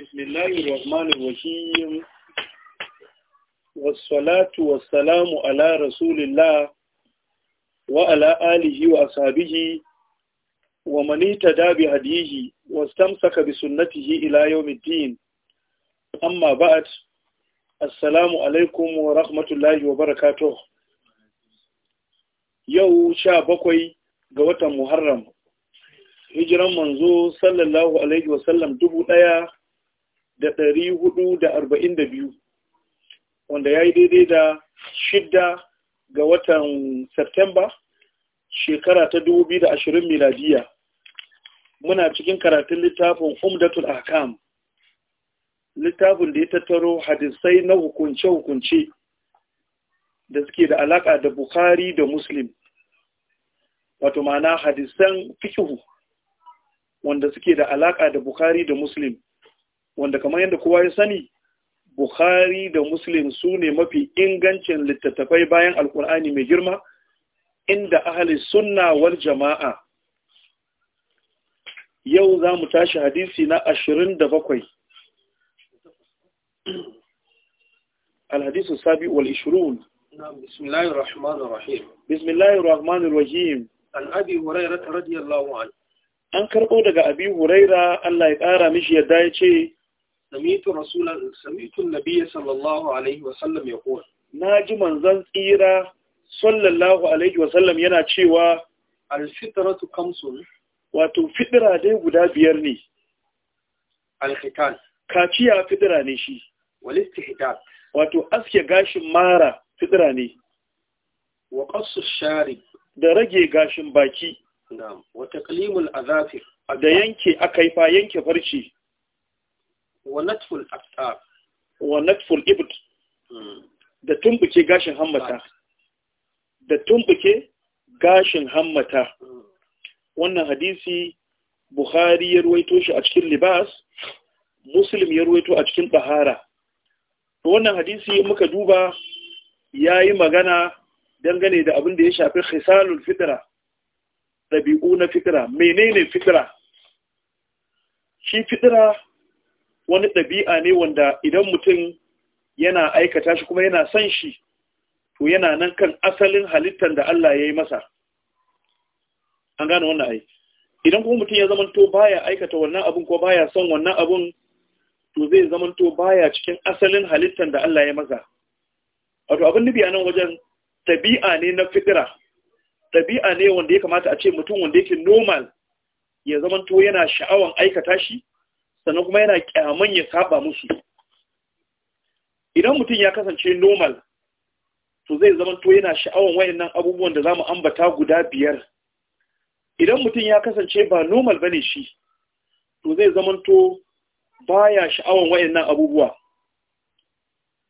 بسم الله الرحمن الرحيم والصلاة والسلام على رسول الله وعلى آله وأصحابه ومن اهتدى بهديه واستمسك بسنته إلى يوم الدين أما بعد السلام عليكم ورحمة الله وبركاته يو شابكوي ga محرم hijiran manzo sallallahu alaihi wasallam dubu ɗaya da dari hudu da arba'in da biyu wanda ya yi daidai da shidda ga watan Septemba shekara ta dubu biyu da ashirin miladiya muna cikin karatun littafin umdatul ahkam littafin da ya tattaro hadisai na hukunce-hukunce da suke da alaƙa da Bukhari da Muslim wato ma'ana hadisan fikihu wanda suke da alaka da Bukhari da Muslim wanda kamar yadda kowa ya sani Bukhari da Muslim su ne mafi ingancin littattafai bayan Alkur'ani mai girma inda ahli sunna wal jama'a yau za mu tashi hadisi na ashirin da bakwai الحديث السابع والعشرون بسم الله الرحمن الرحيم بسم الله الرحمن الرحيم عن أبي هريرة رضي الله عنه an karɓo daga abi huraira Allah ya ƙara mishi yadda ya ce samitu rasulan samitu nabiyya sallallahu alaihi wa sallam ya kuwa na ji manzan tsira sallallahu alaihi wa sallam yana cewa alfitratu kamsun wato fitira dai guda biyar ne alkitan kaciya fitira ne shi walistihdad wato aske gashin mara fitira ne wa qassu shari da rage gashin baki wata kalimul taqlimul azafir da yanke fa, yanke farci wa natful aftar wa natful ibd hmm. da tumbuke gashin hammata da tumbuke gashin hammata hmm. wannan hadisi Bukhari ya ruwaito shi a cikin libas Muslim ya ruwaito a cikin bahara wannan hadisi muka duba ya yi magana dangane da abin da ya shafi khisalul fitra ɗabi'u na fitira menene fitira shi fitira wani ɗabi'a ne wanda idan mutum yana aikata shi kuma yana son shi to yana nan kan asalin halittar da Allah ya yi masa an gane wannan ai idan kuma mutum ya zamanto baya aikata wannan abun ko baya son wannan abun to zai zamanto baya cikin asalin halittar da Allah ya yi masa wato abin nufi a nan wajen ɗabi'a ne na fitira ɗabi'a ne wanda ya kamata a ce mutum wanda yake normal ya zamanto yana sha'awan aikata shi sannan kuma yana kyaman ya saba musu idan mutum ya kasance normal to zai to yana sha'awan wayannan abubuwan da zamu ambata guda biyar idan mutum ya kasance ba normal bane shi to zai zamanto baya sha'awan wayannan abubuwa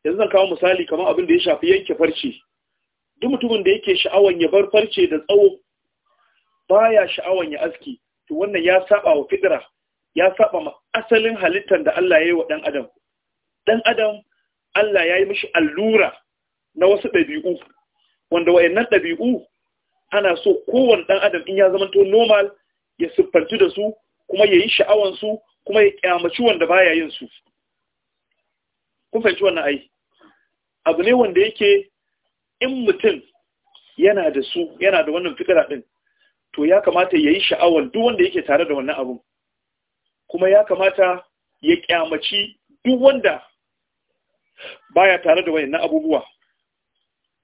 yanzu zan kawo misali kamar abin da ya shafi yanke farce duk mutumin da yake sha'awan ya bar farce da tsawo baya sha'awan ya aski to wannan ya saba wa fidra ya saba ma asalin halittar da Allah ya yi wa dan adam dan adam Allah ya yi mishi allura na wasu ɗabi'u wanda wayannan ɗabi'u ana so kowane dan adam in ya zama to normal ya siffanci da su kuma ya yi sha'awan su kuma ya kyamaci wanda baya yin su kun fahimci wannan ai abu ne wanda yake in mutum yana da su yana da wannan fikira ɗin, to ya kamata ya yi sha'awar duk wanda yake tare da wannan abun kuma ya kamata ya kyamaci duk wanda baya tare da wayannan abubuwa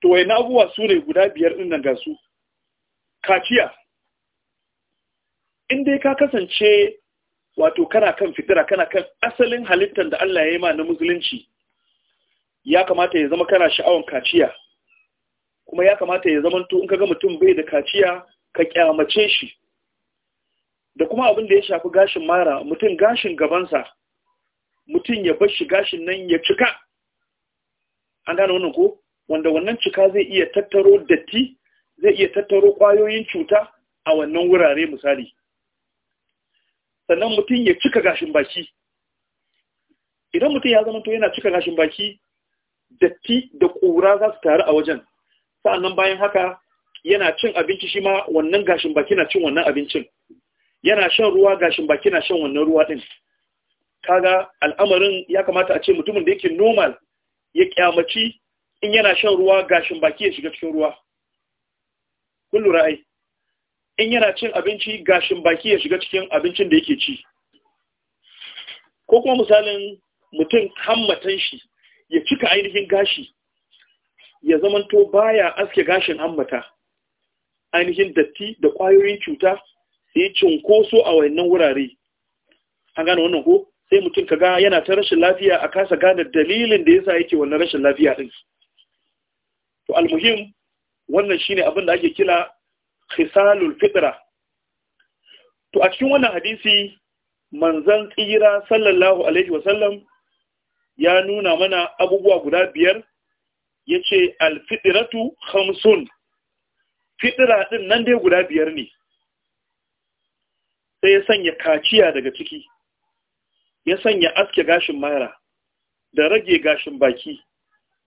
to wayannan abubuwa su ne guda biyar din nan ga su kaciya in dai ka kasance wato kana kan fitira kana kan asalin halittar da Allah ya yi ma na musulunci ya kamata ya zama kana sha'awar kaciya kuma ya kamata ya zamanto in kaga mutum bai da kaciya ka kyamace shi da kuma abin da ya shafi gashin mara mutum gashin gabansa mutum ya bar shi gashin nan ya cika an gane wannan ko wanda wannan cika zai iya tattaro datti zai iya tattaro kwayoyin cuta a wannan wurare misali sannan mutum ya cika gashin baki idan mutum ya zama to yana cika gashin baki datti da ƙura za su taru a wajen sa'annan bayan haka yana cin abinci shi ma wannan gashin baki na cin wannan abincin yana shan ruwa gashin baki na shan wannan ruwa din kaga al'amarin ya kamata a ce mutumin da yake normal ya kyamaci in yana shan ruwa gashin baki ya shiga cikin ruwa kullu ra'ai in yana cin abinci gashin baki ya shiga cikin abincin da yake ci ko kuma misalin mutum hammatan shi ya cika ainihin gashi ya zamanto baya aske gashin ambata ainihin datti da kwayoyin cuta sai ya cunkoso a wayannan wurare an gane wannan ko sai mutum ka ga yana ta rashin lafiya a kasa gane dalilin da yasa yake wannan rashin lafiya din to almuhim wannan shine abin da ake kira khisalul fitra to a cikin wannan hadisi manzon tsira sallallahu alaihi wasallam ya nuna mana abubuwa guda biyar ya ce alfitiratu hamsun fitira ɗin nan dai guda biyar ne sai ya sanya kaciya daga ciki ya sanya aske gashin mara da rage gashin baki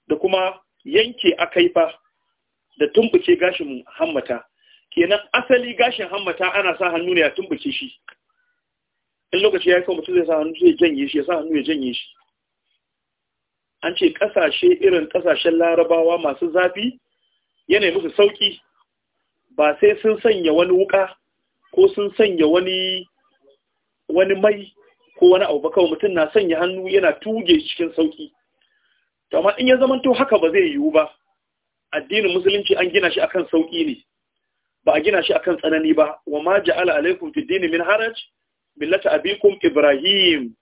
da kuma yanke akaifa da tumbuke gashin hammata kenan asali gashin hammata ana sa hannu ne ya tumbuke shi in lokaci ya kawo mutum zai sa hannu zai janye shi ya sa hannu ya janye shi an ce ƙasashe irin ƙasashen larabawa masu zafi yana musu sauƙi. ba sai sun sanya wani wuka ko sun sanya wani mai ko wani abu kawai mutum na sanya hannu yana tuge cikin sauƙi. tama amma in ya zamanto haka ba zai yiwu ba addinin musulunci an gina shi akan sauƙi ne ba a gina shi akan tsanani ba wa ma ja'ala alaikum fi dini min haraj billata abikum ibrahim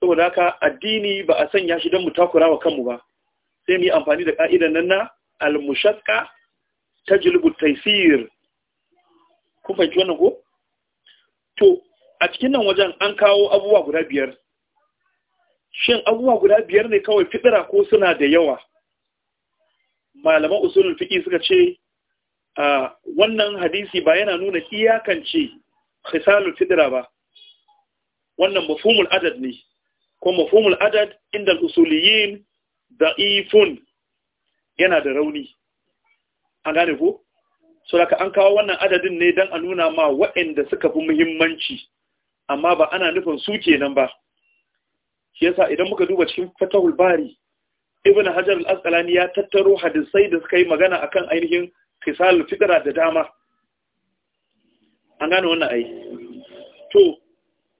saboda haka addini ba a sanya shi don mu takura wa kanmu ba sai mu yi amfani da ka'idan nan na almushakka ta jilbu taisir kun fahimci wannan ko to a cikin nan wajen an kawo abubuwa guda biyar shin abubuwa guda biyar ne kawai fitira ko suna da yawa malaman usulul fiki suka ce a wannan hadisi ba yana nuna iyakance khisalul fitira ba wannan mafhumul adad ne ko mafhumul adad inda al da'ifun yana da rauni an gane ko so an kawo wannan adadin ne dan a nuna ma waɗanda suka fi muhimmanci amma ba ana nufin su kenan ba shi yasa idan muka duba cikin fatahul bari ibn hajar al-asqalani ya tattaro hadisai da suka yi magana akan ainihin khisalul fitra da dama an gane wannan ai to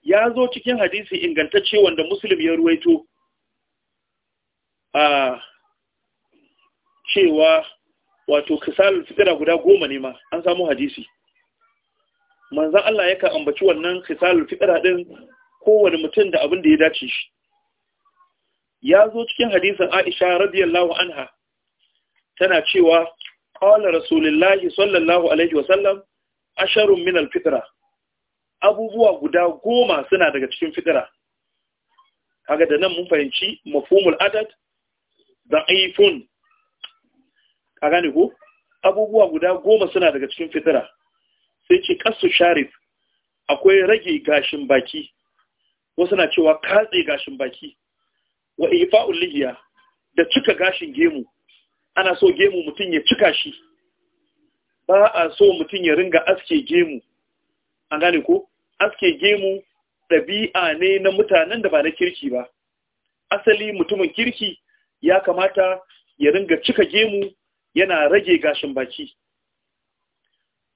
ya zo cikin hadisi ingantacce wanda muslim ya ruwaito a cewa wato kisal fitira guda goma ne ma an samu hadisi manzan Allah ya ka ambaci wannan kisal fitira ɗin kowane mutum da abin da ya dace shi ya zo cikin hadisin Aisha radiyallahu anha tana cewa ƙawar rasulullahi sallallahu alaihi wasallam asharun min alfitra abubuwa guda goma suna daga cikin fitira kaga da nan mun fahimci mafhumul adad aifun ka gane ko abubuwa guda goma suna daga cikin fitira sai ce kasu sharif akwai rage gashin baki wasu na cewa katse gashin baki wa ifa'ul lihiya da cika gashin gemu ana so gemu mutum ya cika shi ba a so mutum ya ringa aske gemu an gane ko aske gemu ɗabi'a ne na mutanen da ba na kirki ba asali mutumin kirki ya kamata ya ringa cika gemu yana rage gashin baki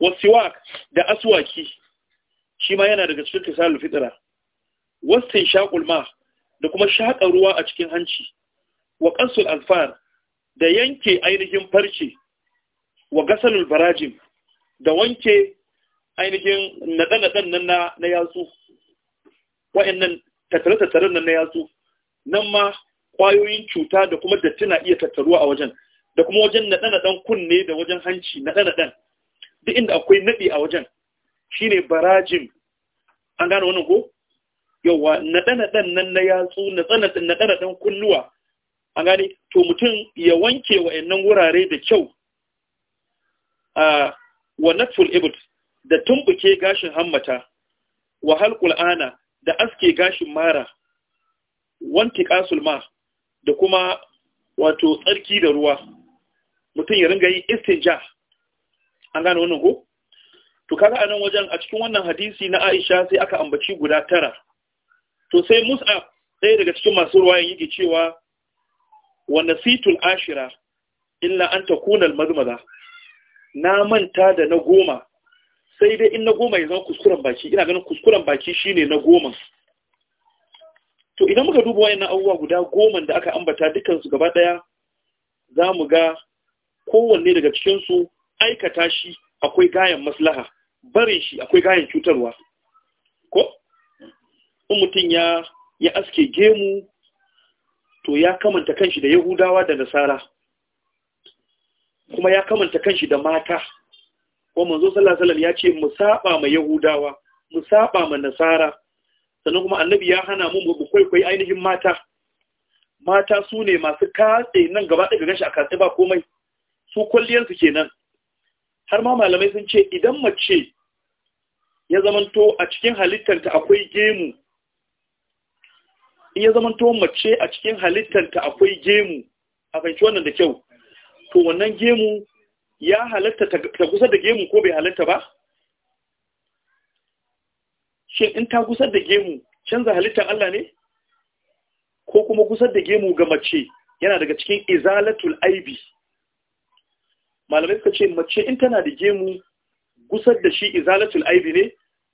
wasiwak da aswaki shi ma yana daga cikin kisalul fitra wasin shaqul ma da kuma shaƙa ruwa a cikin hanci wa qasul alfar da yanke ainihin farce wa gasalul barajim da wanke ainihin naɗe-naɗen nan na yatsu wa'annan tattare-tattaren nan na yatsu nan ma ƙwayoyin cuta da kuma datti na iya tattaruwa a wajen da kuma wajen naɗe-naɗen kunne da wajen hanci naɗe-naɗen duk inda akwai nadi a wajen shine barajin an gane wannan ko yawa naɗe-naɗen nan na yatsu naɗe-naɗen kunnuwa an gane to mutum ya wanke wa'annan wurare da kyau a ah, wa natful ibut da tumbuke gashin hammata wa halqul ana da aske gashin mara wanti qasul ma da kuma wato tsarki da ruwa mutum ya ringa yin istinja an gane wannan ko to kaga anan wajen a cikin wannan hadisi na Aisha sai aka ambaci guda tara to sai Mus'ab ɗaya daga cikin masu ruwayan yake cewa wa nasitul ashira illa an takuna mazmaza. na manta da na goma sai dai in na goma ya zama kuskuren baki ina ganin kuskuren baki shine na goma to idan muka duba wayannan abubuwa guda goma da aka ambata dukansu gaba daya za mu ga kowanne daga cikinsu aikata shi akwai gayan maslaha barin shi akwai gayan cutarwa ko in mutum ya ya aske gemu to ya kamanta kanshi da yahudawa da nasara kuma ya kamanta kanshi da mata ko manzo sallallahu alaihi wasallam ya ce mu saba ma yahudawa mu saba ma nasara sannan kuma annabi ya hana mu mu kwaikwayi ainihin mata mata su ne masu katse nan gaba ɗaya gashi a katse ba komai su kwalliyarsu kenan har ma malamai sun ce idan mace ya zamanto a cikin halittarta akwai gemu in ya zamanto mace a cikin halittarta akwai gemu a fahimci wannan da kyau to wannan gemu ya halatta ta kusa da gemu ko bai halatta ba shin in ta kusa da gemu canza halittar Allah ne ko kuma kusa da gemu ga mace yana daga cikin izalatul aibi malamai suka ce mace in tana da gemu gusar da shi izalatul aibi ne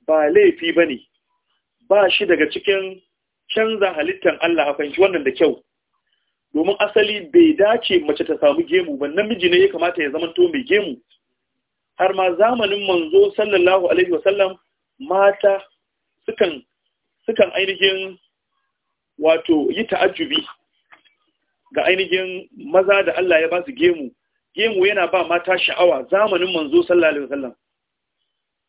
ba laifi ba ne ba shi daga cikin canza halittar Allah a fahimci wannan da kyau domin asali bai dace mace ta samu gemu ba namiji ne ya kamata ya zamanto mai gemu har ma zamanin manzo sallallahu alaihi wasallam mata sukan sukan ainihin wato yi ta'ajjubi ga ainihin maza da Allah ya ba su gemu gemu yana ba mata sha'awa zamanin manzo sallallahu alaihi wasallam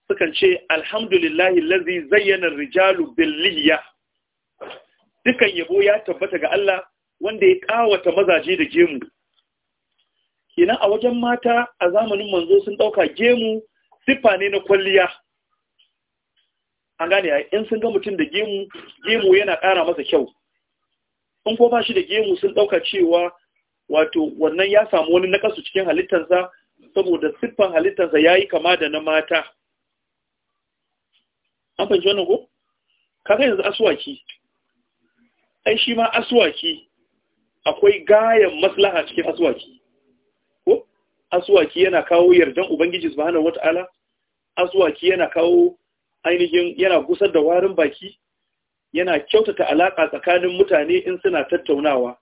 sukan ce alhamdulillahi allazi zayyana rijalu bil dukan yabo ya tabbata ga Allah wanda ya kawata mazaje da gemu kenan a wajen mata a zamanin manzo sun dauka gemu siffa ne na kwalliya an gane ya in sun ga mutum da gemu gemu yana ƙara masa kyau in ko ba shi da gemu sun ɗauka cewa wato wannan ya samu wani nakasu cikin halittarsa saboda siffan halittarsa ya yi kama da na mata an fahimci wannan ko ga yanzu asuwaki ai shi ma asuwaki akwai gayan maslaha cikin aswaki ko aswaki yana kawo yardan ubangiji subhanahu wataala aswaki yana kawo ainihin yana gusar da warin baki yana kyautata alaka tsakanin mutane in suna tattaunawa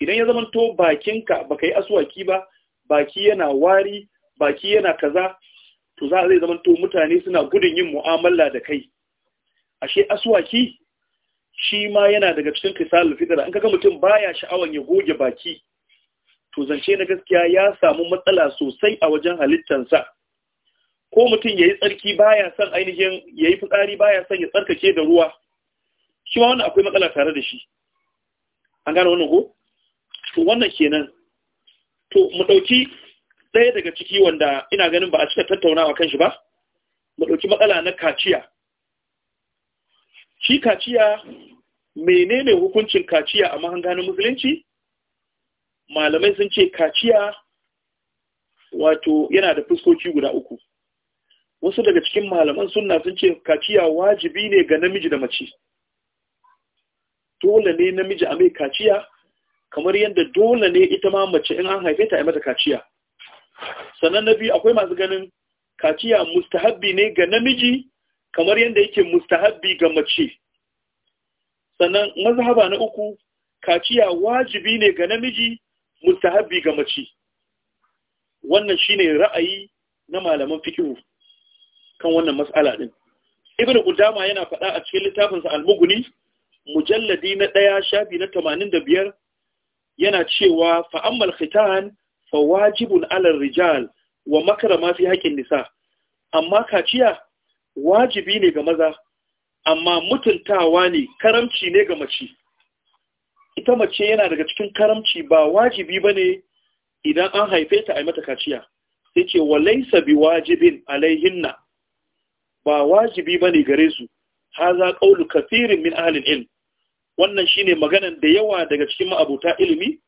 idan ya zama to bakinka baka yi aswaki ba baki yana wari baki yana kaza to za a zai zama to mutane suna gudun yin mu'amala da kai ashe aswaki shi ma yana daga cikin kisalul fitar an kaga mutum baya sha'awan ya goge baki to zance na gaskiya ya samu matsala sosai a wajen halittansa ko mutum ya yi tsarki baya son ainihin ya yi fitsari baya son ya tsarkake da ruwa shi ma wannan akwai matsala tare da shi an gane wannan ko to wannan kenan to mu dauki ɗaya daga ciki wanda ina ganin ba a cika tattaunawa kan shi ba mu ɗauki matsala na kaciya shi kaciya menene hukuncin kaciya a mahanga musulunci malamai sun ce kaciya wato yana da fuskoki guda uku wasu daga cikin malaman sunna sun ce kaciya wajibi ne ga namiji da mace dole ne namiji a mai kaciya kamar yadda dole ne ita ma mace in an haife ta a mata kaciya sannan na biyu akwai masu ganin kaciya mustahabbi ne ga namiji kamar yadda yake mustahabbi ga mace sannan mazhaba na uku kaciya wajibi ne ga namiji mustahabbi ga mace wannan shine ra'ayi na malaman fikihu kan wannan mas'ala din ibnu qudama yana faɗa a cikin littafinsa al mujalladi na ɗaya shafi na tamanin da biyar yana cewa fa ammal khitan fa wajibun ala rijal wa makara fi haqqin nisa amma kaciya wajibi ne ga maza amma mutuntawa ne karamci ne ga mace ita mace yana daga cikin karamci ba wajibi ba ne idan an haife ta a mata kaciya sai ce laisa bi wajibin alaihinna ba wajibi ba ne gare su haza ƙaulu kafirin min ahalin ilm wannan ne maganan da yawa daga cikin ma'abuta ilimi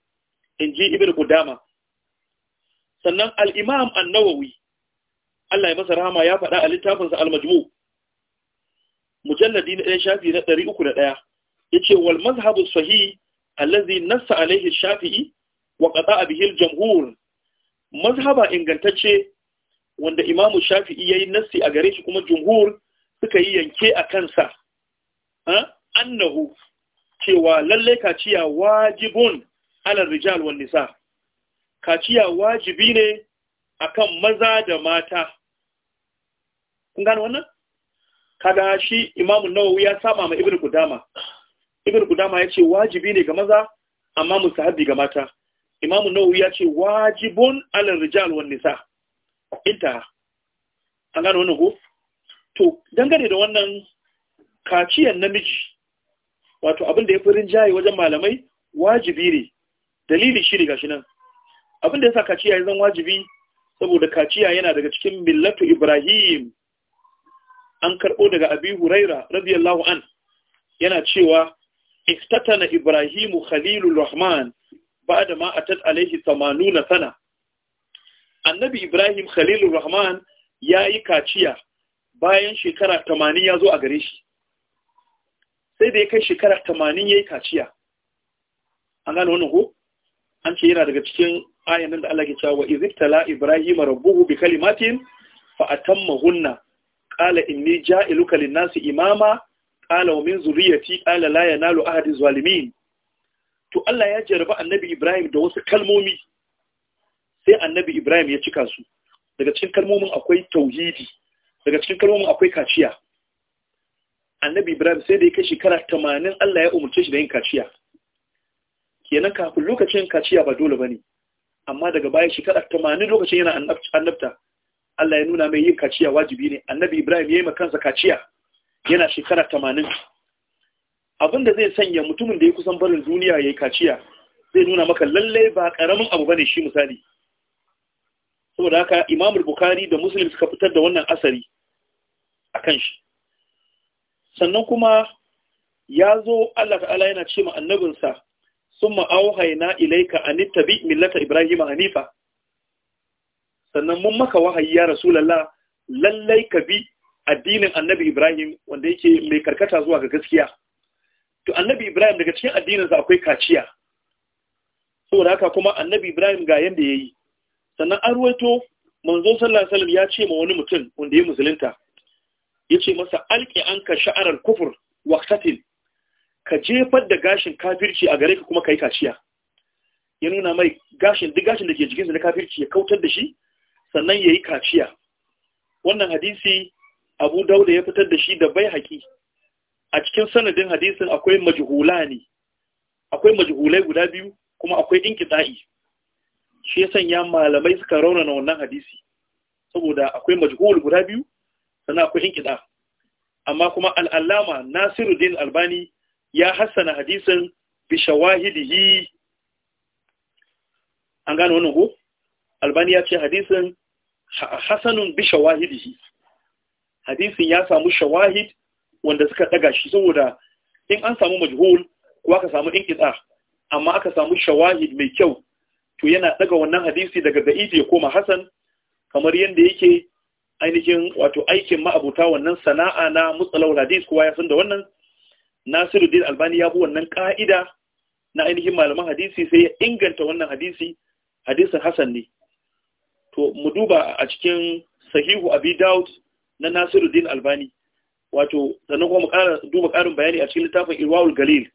in ji ibn Qudama sannan al-Imam an Allah ya masa rahama ya faɗa a littafinsa al-majmu mujalladi na ɗaya shafi na ɗari uku da ɗaya ya ce wal mazhabu sahi allazi nassa alaihi shafi'i wa qada bihi al-jamhur mazhaba ingantacce wanda imamu shafi'i yayi nassi a gare shi kuma jumhur suka yi yanke a kansa annahu cewa lalle kaciya wajibun ala rijal wan nisa kaciya wajibi ne akan maza da mata kun gane wannan kaga shi imamu nawawi ya saba ma ibnu kudama ibnu kudama ya ce wajibi ne ga maza amma musahabi ga mata imamu nawawi ya wajibun alal rijal wan nisa inta an gano wannan ko to dangane da wannan kaciyan namiji wato abin da ya fi rinjaye wajen malamai wajibi ne dalili shi ne gashi nan abin da ya sa kaciya ya zan wajibi saboda kaciya yana daga cikin millatu ibrahim an karɓo daga abi huraira radiyallahu an yana cewa iftatana ibrahimu khalilur rahman ba'da ma atat alaihi 80 sana annabi ibrahim khalilur rahman yayi kaciya bayan shekara 80 ya a gare shi sai da ya kai shekara 80 yayi kaciya an gane wannan ko an ce yana daga cikin ayan da Allah ke cewa izitala ibrahima rabbuhu bi kalimatin fa hunna qala inni ja'iluka lin imama qala wa min zurriyyati qala la yanalu ahadi zalimin to Allah ya jarba annabi Ibrahim da wasu kalmomi sai annabi Ibrahim ya cika su daga cikin kalmomin akwai tauhidi daga cikin kalmomin akwai kaciya annabi Ibrahim sai da ya kai shekara 80 Allah ya umurce shi da yin kaciya kenan kafin lokacin kaciya ba dole bane amma daga baya shekara 80 lokacin yana annabta Allah ya nuna mai yin kaciya wajibi ne annabi Ibrahim ya yi ma kansa kaciya yana shekara tamanin abin da zai sanya mutumin da ya kusan barin duniya ya yi kaciya zai nuna maka lallai ba karamin abu ba ne, shi misali saboda haka imamul Bukhari da musulun suka fitar da wannan asari a kan shi sannan kuma ya zo Allah ta'ala yana ce ma annabinsa sun ma'auhaina ilaika anittabi millata Ibrahim hanifa sannan mun maka wahayi ya rasu lallai ka bi addinin annabi ibrahim wanda yake mai karkata zuwa ga gaskiya to annabi ibrahim daga cikin addininsa akwai kaciya saboda haka kuma annabi ibrahim ga yanda yayi sannan an ruwaito manzon sallallahu alaihi wasallam ya ce ma wani mutum wanda ya musulunta yace masa alqi anka sha'arar kufur Waktatin. ka jefar da gashin kafirci a gare ka kuma kai kaciya ya nuna mai gashin duk gashin da ke jikinsa na kafirci ya kautar da shi sannan ya yi kaciya wannan hadisi abu dauda ya fitar da shi da bai haƙi a cikin sanadin hadisin akwai majihula ne akwai majihulai guda biyu kuma akwai inkita'i shi ya sanya malamai suka raunana wannan hadisi saboda akwai majihul guda biyu sannan akwai inkita amma kuma al'allama nasiruddin albani ya hassana hadisin bi shawahidihi an gane wannan ko albani ya ce hadisin hasanun bi shawahidihi hadisin ya samu shawahid wanda suka daga shi saboda in an samu majhul ko aka samu inqita amma aka samu shawahid mai kyau to yana daga wannan hadisi daga da'ifi ya koma hasan kamar yanda yake ainihin wato aikin ma'abuta wannan sana'a na mutsalawar hadis kowa ya san da wannan nasiruddin albani ya bi wannan ka'ida na ainihin malaman hadisi sai ya inganta wannan hadisi hadisin hasan ne to mu duba a cikin sahihu abi daud na nasiruddin albani wato sannan kuma mu duba ƙarin bayani a cikin littafin irwaul galil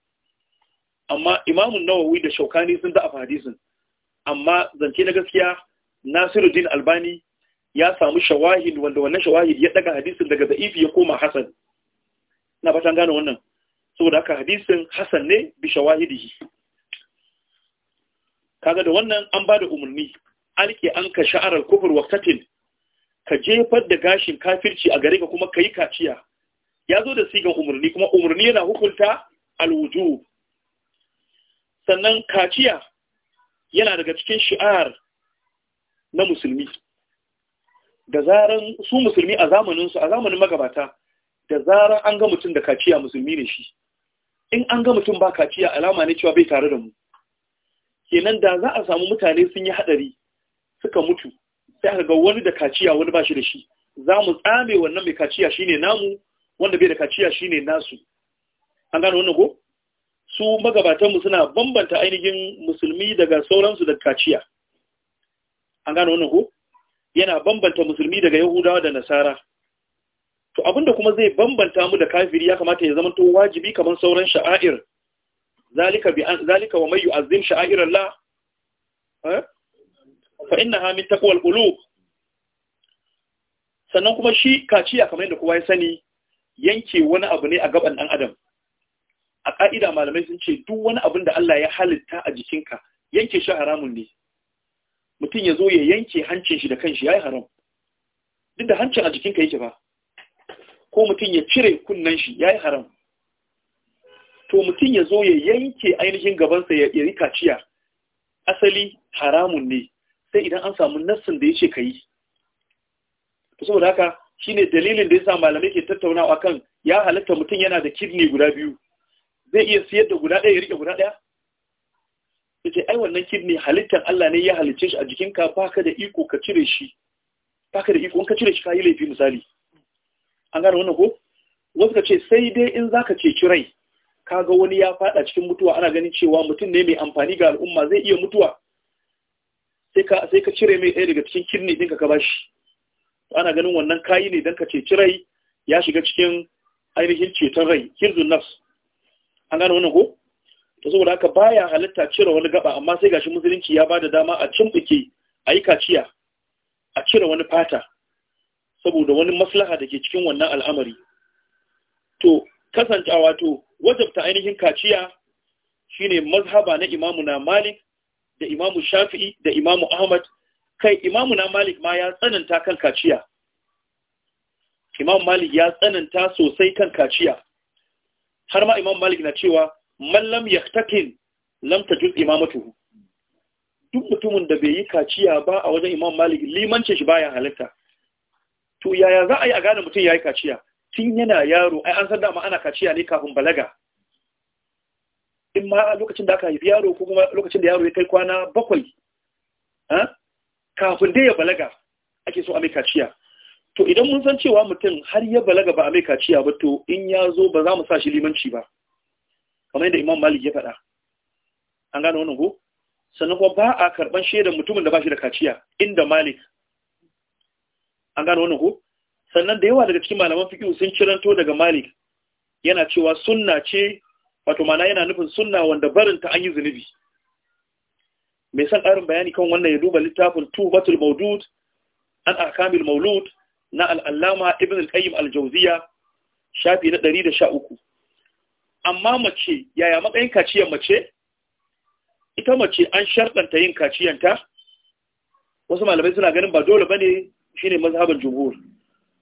amma imamun nawawi da shaukani sun da a hadisin amma zance na gaskiya nasiruddin albani ya samu shawahid wanda wannan shawahid ya daga hadisin daga da'ifi ya koma hasan na fatan gane wannan saboda haka hadisin hasan ne bi shawahidihi kaga da wannan an ba da umarni alke an ka sha'arar kufur waqtatin ka jefar da gashin kafirci a gare ka kuma ka yi kaciya ya zo da sigan umarni kuma umarni yana hukunta alwujub sannan kaciya yana daga cikin shi'ar na musulmi da zaran su musulmi a zamaninsu a zamanin magabata da zaran an ga mutum da kaciya musulmi ne shi in an ga mutum ba kaciya alama ne cewa bai tare da mu kenan da za a samu mutane sun yi hadari suka mutu sai aka ga wani da kaciya wani ba shi da shi za mu tsame wannan mai kaciya shine namu wanda bai da kaciya shine nasu an gano wannan ko su magabatanmu suna bambanta ainihin musulmi daga sauransu da kaciya an gano wannan ko yana bambanta musulmi daga yahudawa da nasara to abinda kuma zai bambanta mu da kafiri ya kamata ya zama to wajibi kamar sauran sha'air zalika bi zalika wa may yu'azzim sha'air Allah eh? fa innaha min taqwal qulub sannan kuma shi kaciya kamar yadda kowa ya sani yanke wani abu ne a gaban dan adam a ƙa'ida malamai sun ce duk wani abin da Allah ya halitta a jikinka yanke shi haramun ne mutum ya zo ya yanke hancin shi da kanshi ya haram duk da hancin a jikinka yake ba ko mutum ya cire kunnen shi ya haram to mutum ya zo ya yanke ainihin gabansa ya yi kaciya asali haramun ne sai idan an samu nassin da ya ce ka yi saboda haka shi ne dalilin da ya sa malamai ke tattaunawa kan ya halatta mutum yana da kidney guda biyu zai iya siyar da guda ɗaya ya rike guda ɗaya ce ai wannan kidney halittar Allah ne ya halicce shi a jikinka baka da iko ka cire shi baka da iko ka cire shi ka yi laifi misali an gane wannan ko wasu ka ce sai dai in za zaka ceci rai ga wani ya faɗa cikin mutuwa ana ganin cewa mutum ne mai amfani ga al'umma zai iya mutuwa sai ka cire mai ɗaya daga cikin kirni ɗinka ka bashi ana ganin wannan kayi ne don ka ce rai ya shiga cikin ainihin ceton rai kirzun nafs an gano wannan ko ta saboda haka baya halitta cire wani gaba amma sai gashi musulunci ya ba da dama a cimbuke a yi kaciya a cire wani fata saboda wani maslaha da ke cikin wannan al'amari to kasancewa to wato wajabta ainihin kaciya shine mazhaba na imamu na malik da imamu shafi'i da imamu ahmad kai imamu na malik ma ya tsananta kan kaciya imam malik ya tsananta sosai kan kaciya har ma imam malik na cewa mallam ya takin lamta juz imamatuhu duk mutumin da bai yi kaciya ba a wajen imam malik limance shi baya halitta to yaya za a yi a gane mutum ya yi kaciya tun yana yaro ai an san dama ana kaciya ne kafin balaga in ma lokacin da aka haifi yaro ko kuma lokacin da yaro ya kai kwana bakwai kafin dai ya balaga ake so a mai kaciya to idan mun san cewa mutum har ya balaga ba a mai kaciya ba to in ya zo ba za mu sa shi limanci ba kamar yadda imam malik ya faɗa an gane wannan ko sannan kuma ba a karɓan shaidar mutumin da ba shi da kaciya inda malik an gane wannan ko sannan da yawa daga cikin malaman fiƙi sun ciranto daga malik yana cewa sunna ce wato mana yana nufin sunna wanda barin ta an yi zunubi mai son ƙarin bayani kan wannan ya duba littafin tubatul maudud an akamil maulud na al'allama ibn al-qayyim al ɗari shafi na 113 amma mace yaya matsayin kaciyar mace ita mace an sharɗanta yin kaciyanta wasu malamai suna ganin ba dole ba ne shi ne mazhaban jumhur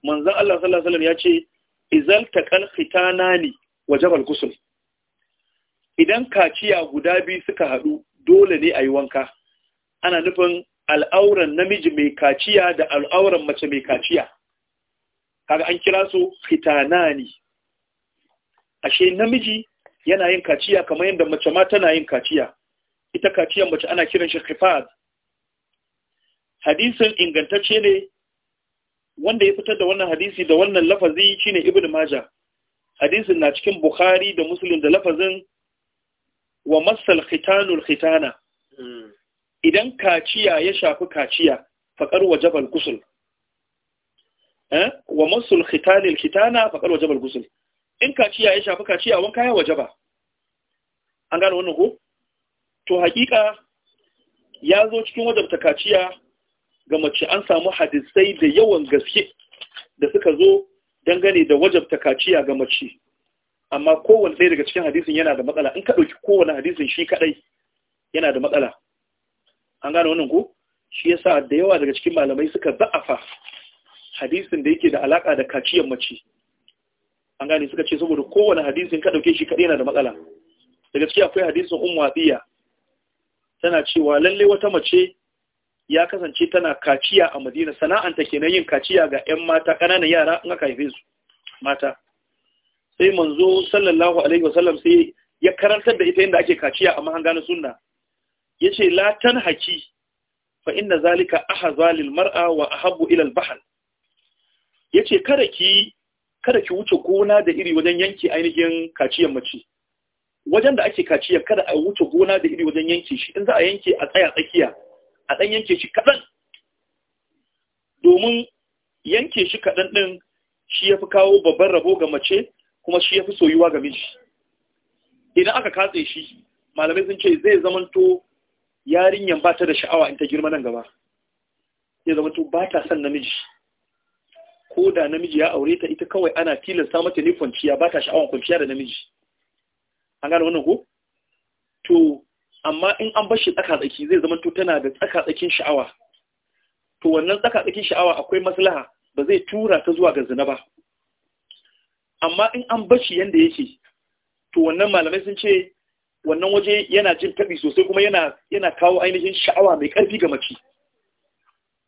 manzon Allah sallallahu alaihi ya ce izal taqal ne, wajabal ghusl idan kaciya guda biyu suka haɗu dole ne a yi wanka ana nufin al'auran namiji mai kaciya da al'auran mace mai kaciya kaga an kira su fitanani ashe namiji yana yin kaciya kamar yadda mace ma tana yin kaciya ita kaciyar mace ana kiran shi khifad hadisin ingantacce ne wanda ya fitar da wannan hadisi da wannan lafazi shine ibnu majah hadisin na cikin bukhari da muslim da lafazin wa masal khitanul khitana hmm. idan kaciya ya shafi kaciya faƙar wajabal gusul eh? wa masul khitanul khitana faƙar wajabal gusul in kaciya ya shafi kaciya wanka ya wajaba an gane wannan ko to hakika ya zo cikin wajabta kaciya ga mace an samu hadisai da yawan gaske da suka zo dangane da wajabta kaciya ga mace amma kowanne ɗaya daga cikin hadisin yana da matsala in ka ɗauki kowanne hadisin shi kaɗai yana da matsala an gane wannan ko shi yasa da yawa daga cikin malamai suka za'afa hadisin da yake da alaka da kaciyar mace an gane suka ce saboda kowanne hadisin ka ɗauke shi kaɗai yana da matsala daga ciki akwai hadisin ummu hadiya tana cewa lalle wata mace ya kasance tana kaciya a madina sana'anta kenan yin kaciya ga 'yan mata ƙananan yara in aka haife su mata sai manzo sallallahu alaihi wasallam sai ya karantar da ita yadda ake kaciya a mahanga sunna yace la tanhaki fa inna zalika ahza lil mar'a wa ahabbu ila al yace kada ki kada ki wuce gona da iri wajen yanke ainihin kaciyar mace wajen da ake kaciya, kada a wuce gona da iri wajen yanke shi in za a yanke a tsaya tsakiya a dan yanke shi kadan domin yanke shi kadan din shi yafi kawo babban rabo ga mace kuma shi ya fi soyuwa ga miji. idan aka katse shi malamai sun ce zai zamanto yarinyar ba ta da sha'awa in ta girma nan gaba zai zamanto ba ta son namiji ko da namiji ya aure ta ita kawai ana tilasta mata ne kwanciya ba ta sha'awa kwanciya da namiji an gane wannan ko to amma in an bashi tsaka-tsaki zai zamanto tana da tsaka-tsakin sha'awa to wannan tsaka-tsakin sha'awa akwai maslaha ba zai tura ta zuwa ga zina ba amma in an bashi yanda yake to wannan malamai sun ce wannan waje yana jin taɓi sosai kuma yana yana kawo ainihin sha'awa mai ƙarfi ga mace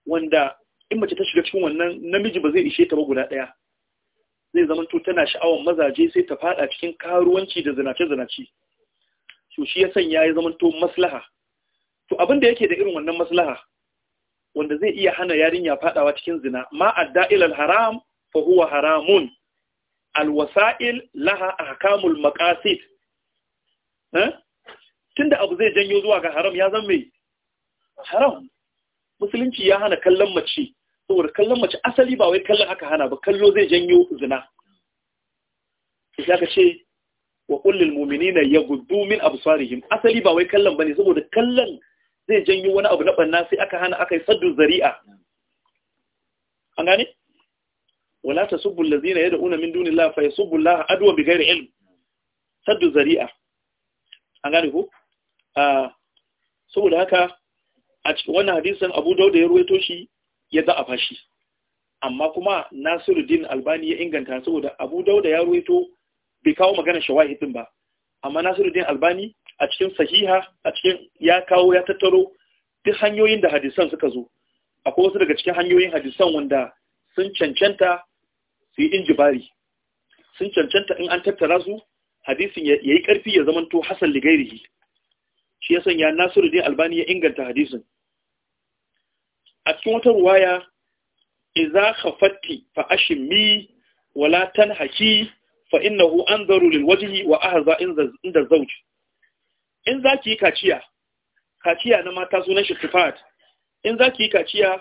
wanda in mace ta shiga cikin wannan namiji ba zai ishe ta ba guda ɗaya zai zama to tana sha'awar mazaje sai ta fada cikin karuwanci da zinace-zinace to shi ya sanya ya zama to maslaha to abin da yake da irin wannan maslaha wanda zai iya hana yarinya faɗawa cikin zina ma adda'ilal haram fa huwa haramun alwasa'il laha ahkamul maqasid eh? tunda abu zai janyo zuwa ga haram ya zama mai haram musulunci ya hana kallon mace saboda kallon mace asali ba wai kallon aka hana ba kallo zai janyo zina ya ka ce wa kullil mu'minina yaghuddu min absarihim asali ba wai kallon bane saboda kallon zai janyo wani abu na banna sai aka hana aka yi saddu zari'a an gane ولا تسبوا الذين يدعون من دون الله yasubbu الله adwa بغير علم سد zari'a an gane ko a saboda haka a wannan hadisin Abu Dawud ya ruwaito shi ya da fashi. amma kuma Nasiruddin Albani ya inganta saboda Abu Dawud ya ruwaito bai kawo magana shawahidin ba amma Nasiruddin Albani a cikin sahiha a cikin ya kawo ya tattaro duk hanyoyin da hadisan suka zo akwai wasu daga cikin hanyoyin hadisan wanda sun cancanta su yi injibari sun cancanta in an tattara su hadisin ya yi ƙarfi ya zamanto hasan ligairihi shi ya sanya nasiru din albani ya inganta hadisin a cikin wata ruwaya iza khafatti fa ashmi wala tanhaki fa innahu anzaru lil wajhi wa ahza inda zawj in zaki yi kaciya kaciya na mata sunan shi sifat in zaki yi kaciya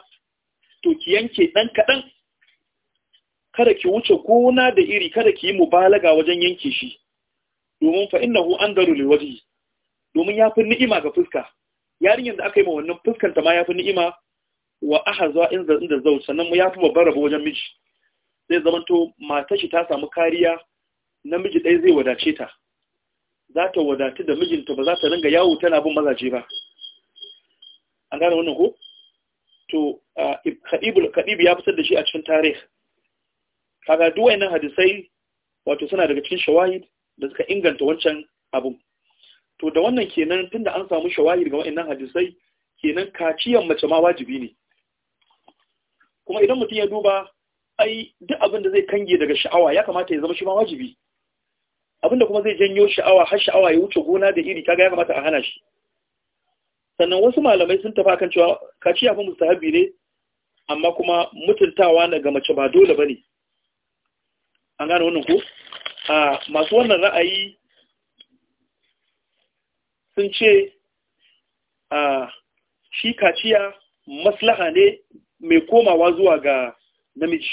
to ki yanke ɗan kaɗan. kada ki wuce gona da iri kada ki yi mubalaga wajen yanke shi domin fa innahu andaru li wajhi domin ya fi ni'ima ga fuska yarinyar da aka yi ma wannan fuskan ta ma ya fi ni'ima wa ahazwa inda inda zau sannan mu fi babbar rabo wajen miji zai to mata shi ta samu kariya namiji ɗaya zai wadace ta za ta wadatu da mijinta ba za ta ringa yawo tana bin mazaje ba an gane wannan ko to kadib ya fitar da shi a cikin tarihi kaga duk wayannan hadisai wato suna daga cikin shawahid da suka inganta wancan abu to da wannan kenan tunda an samu shawahid ga wayannan hadisai kenan kaciyan mace ma wajibi ne kuma idan mutum ya duba ai duk abin da zai kange daga sha'awa ya kamata ya zama shi ma wajibi abin da kuma zai janyo sha'awa har sha'awa ya wuce gona da iri kaga ya kamata a hana shi sannan wasu malamai sun tafi kan cewa kaciya fa mustahabi ne amma kuma mutuntawa daga mace ba dole bane an gane wannan ko a masu wannan ra'ayi sun ce a shi kaciya maslaha ne mai komawa zuwa ga namiji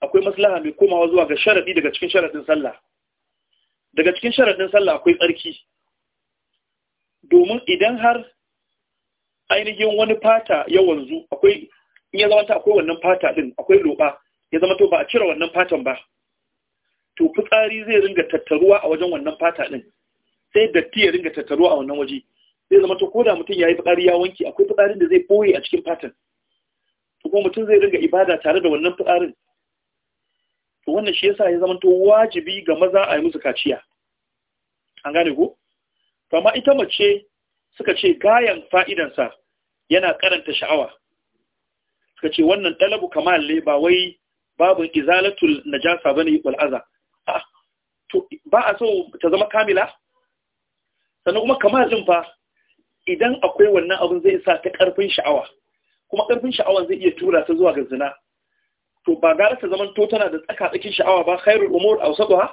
akwai maslaha mai komawa zuwa ga sharadi daga cikin sharadin sallah daga cikin sharadin sallah akwai tsarki domin idan har ainihin wani fata ya wanzu akwai in ya zama ta akwai wannan fata din akwai loba ya zama to ba a cire wannan fatan ba to fitsari zai ringa tattaruwa a wajen wannan fata din sai datti ya ringa tattaruwa a wannan waje zai zama to koda mutum yi fitsari ya wanke akwai fitsarin da zai boye a cikin fatan to kuma mutum zai ringa ibada tare da wannan fitsarin to wannan shi yasa ya zama to wajibi ga maza a yi musu kaciya an gane ko to amma ita mace suka ce gayan fa'idansa yana karanta sha'awa suka ce wannan ɗalabu kamal ne ba wai babu izalatul najasa bane wal aza ah, to ba a so ta zama kamila sannan kuma kamar jin fa idan akwai wannan abin zai sa ta karfin sha'awa kuma karfin sha'awan zai iya tura ta zuwa ga zina to ba gara ta zaman to tana da tsaka tsakin sha'awa ba khairul umur aw sadha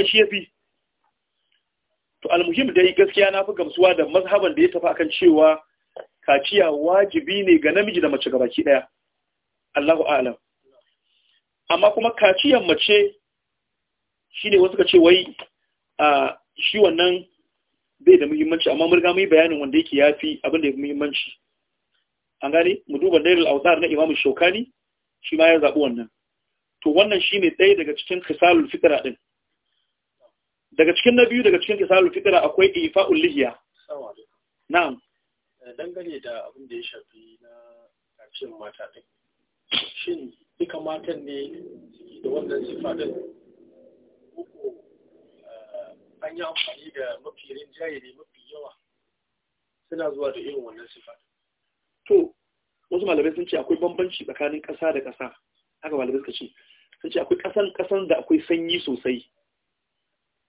ai shi yafi to almuhim dai gaskiya na fi gamsuwa da mazhaban da ya tafi akan cewa kaciya wajibi ne ga namiji da mace gabaki daya Allahu a'lam amma kuma kaciyan mace shi ne wasu ka ce wai a shi wannan bai da muhimmanci amma murga mai bayanin wanda yake yafi abin da ya muhimmanci an gane mu duba dairul auzar na imamu shokani shi ma ya zaɓi wannan to wannan shi ne ɗaya daga cikin kisalul fitara ɗin daga cikin na biyu daga cikin kisalul fitara akwai ifa'ul lihiya na'am eh, dangane da abin da ya shafi na kacin mata ɗin duka matan ne da wannan sifadin, uku eh, an yi amfani da mafi rinjaye ne mafi yawa suna zuwa da irin wannan sifadin. to wasu malamai sun ce akwai bambanci tsakanin ƙasa da ƙasa haka malamai suka ce sun ce akwai ƙasan ƙasan da akwai sanyi sosai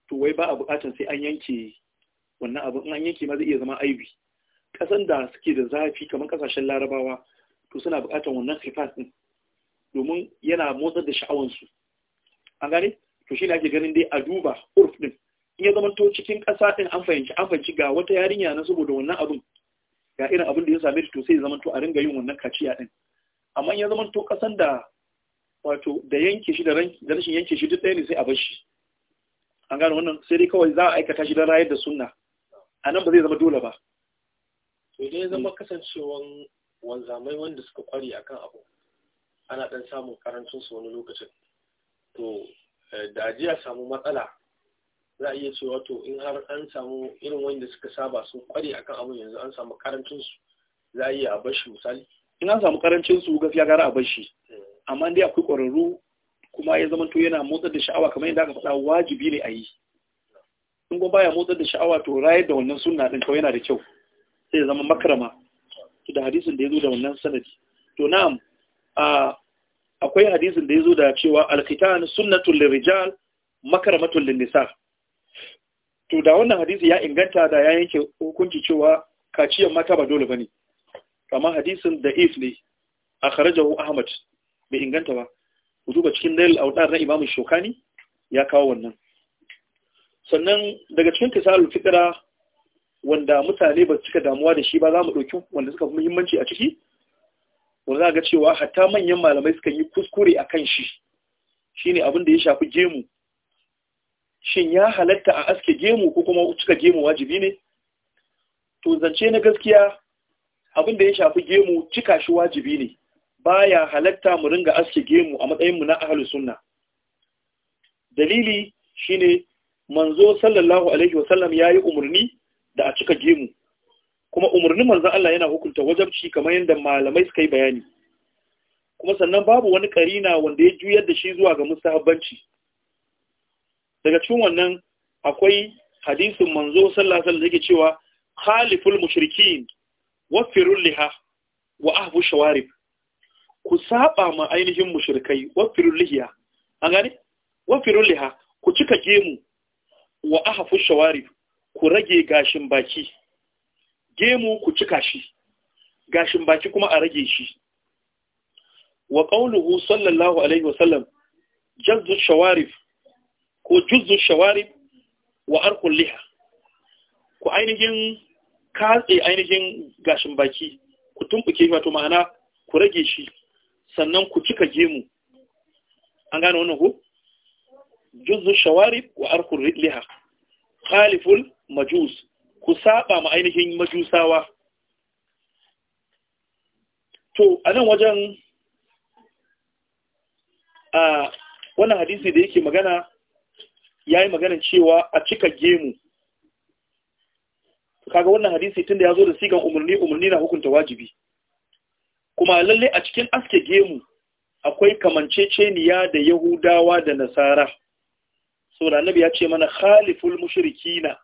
to wai ba a buƙatar sai an yanke wannan abu an yanke ma zai iya zama aibi ƙasan da suke da zafi kamar ƙasashen larabawa to suna buƙatar wannan sifat din domin yana motsar da sha'awansu an gane to shi ne ake ganin dai a duba urf din in ya zamanto cikin ƙasa din an fahimci an fahimci ga wata yarinya na saboda wannan abin ga irin abin da ya same ta to sai ya zamanto a ringa yin wannan kaciya din amma in ya zamanto ƙasan da wato da yanke shi da rashin yanke shi duk ɗaya ne sai a bar shi an gane wannan sai dai kawai za a aikata shi don rayar da sunna a nan ba zai zama dole ba to idan ya zama kasancewan wanzamai wanda suka kware akan abu ana ɗan samun karancin su wani lokacin to eh, da ajiya samu matsala za a iya cewa to in har an samu irin wanda suka saba sun kware akan abin yanzu an samu karancin su za a iya a bashi misali in an samu karancin su gaskiya gara a bashi eh. amma dai akwai ƙwararru kuma ya zama to yana motsar da sha'awa kamar yadda aka faɗa wajibi ne a yi in kuma baya motsar da sha'awa to rayar da wannan sunna din kawai yana da kyau sai ya zama makarama to da hadisin da ya zo da wannan sanadi to na'am akwai hadisin da ya zo da cewa alkitan sunnatul lirijal makaramatul linnisa to da wannan hadisi ya inganta da ya yanke hukunci cewa kaciyar mata ba dole ba ne, kama hadisin da if ne a kharajahu ahmad bai inganta ba ku duba cikin nail audar na imamu shokani ya kawo wannan sannan daga cikin kisalul fitra wanda mutane ba su cika damuwa da shi ba za mu ɗauki wanda suka fi muhimmanci a ciki wanda za ga cewa hatta manyan malamai suka yi kuskure a kan shi ne abin da ya shafi gemu shin ya halatta a aske gemu ko kuma cika gemu wajibi ne to zance na gaskiya abin da ya shafi gemu cika shi wajibi ne baya halatta mu ringa aske gemu a matsayinmu na ahlus sunna dalili ne manzo sallallahu alaihi wasallam yi umarni da a cika gemu kuma umarnin manzan Allah yana hukunta wajabci kamar yadda malamai suka yi bayani kuma sannan babu wani karina wanda ya juyar da shi zuwa ga mustahabbanci daga cikin wannan akwai hadisin manzo sallallahu alaihi wasallam yake cewa khaliful mushrikin wafirul liha wa ahbu shawarib ku saba ma ainihin mushrikai wafirul liha an gane wafirul liha ku cika gemu wa ahfu shawarib ku rage gashin baki gemu ku cika shi gashin baki kuma a rage shi wa qauluhu sallallahu alaihi wa sallam jazzu shawarif ko juzzu shawarif wa arqul liha ku ainihin katse ainihin gashin baki ku tumbuke shi wato ma'ana ku rage shi sannan ku cika gemu an gane wannan ko juzzu shawarif wa arqul liha khaliful majus ku saba ma ainihin majusawa to a nan wajen a wannan hadisi da yake magana ya yi maganin cewa a cika gemu kaga wannan hadisi tun da ya zo da sigan umarni umarni na hukunta wajibi kuma lalle a cikin aske gemu akwai kamanceceniya da yahudawa da nasara saboda annabi ya ce mana khaliful mushrikina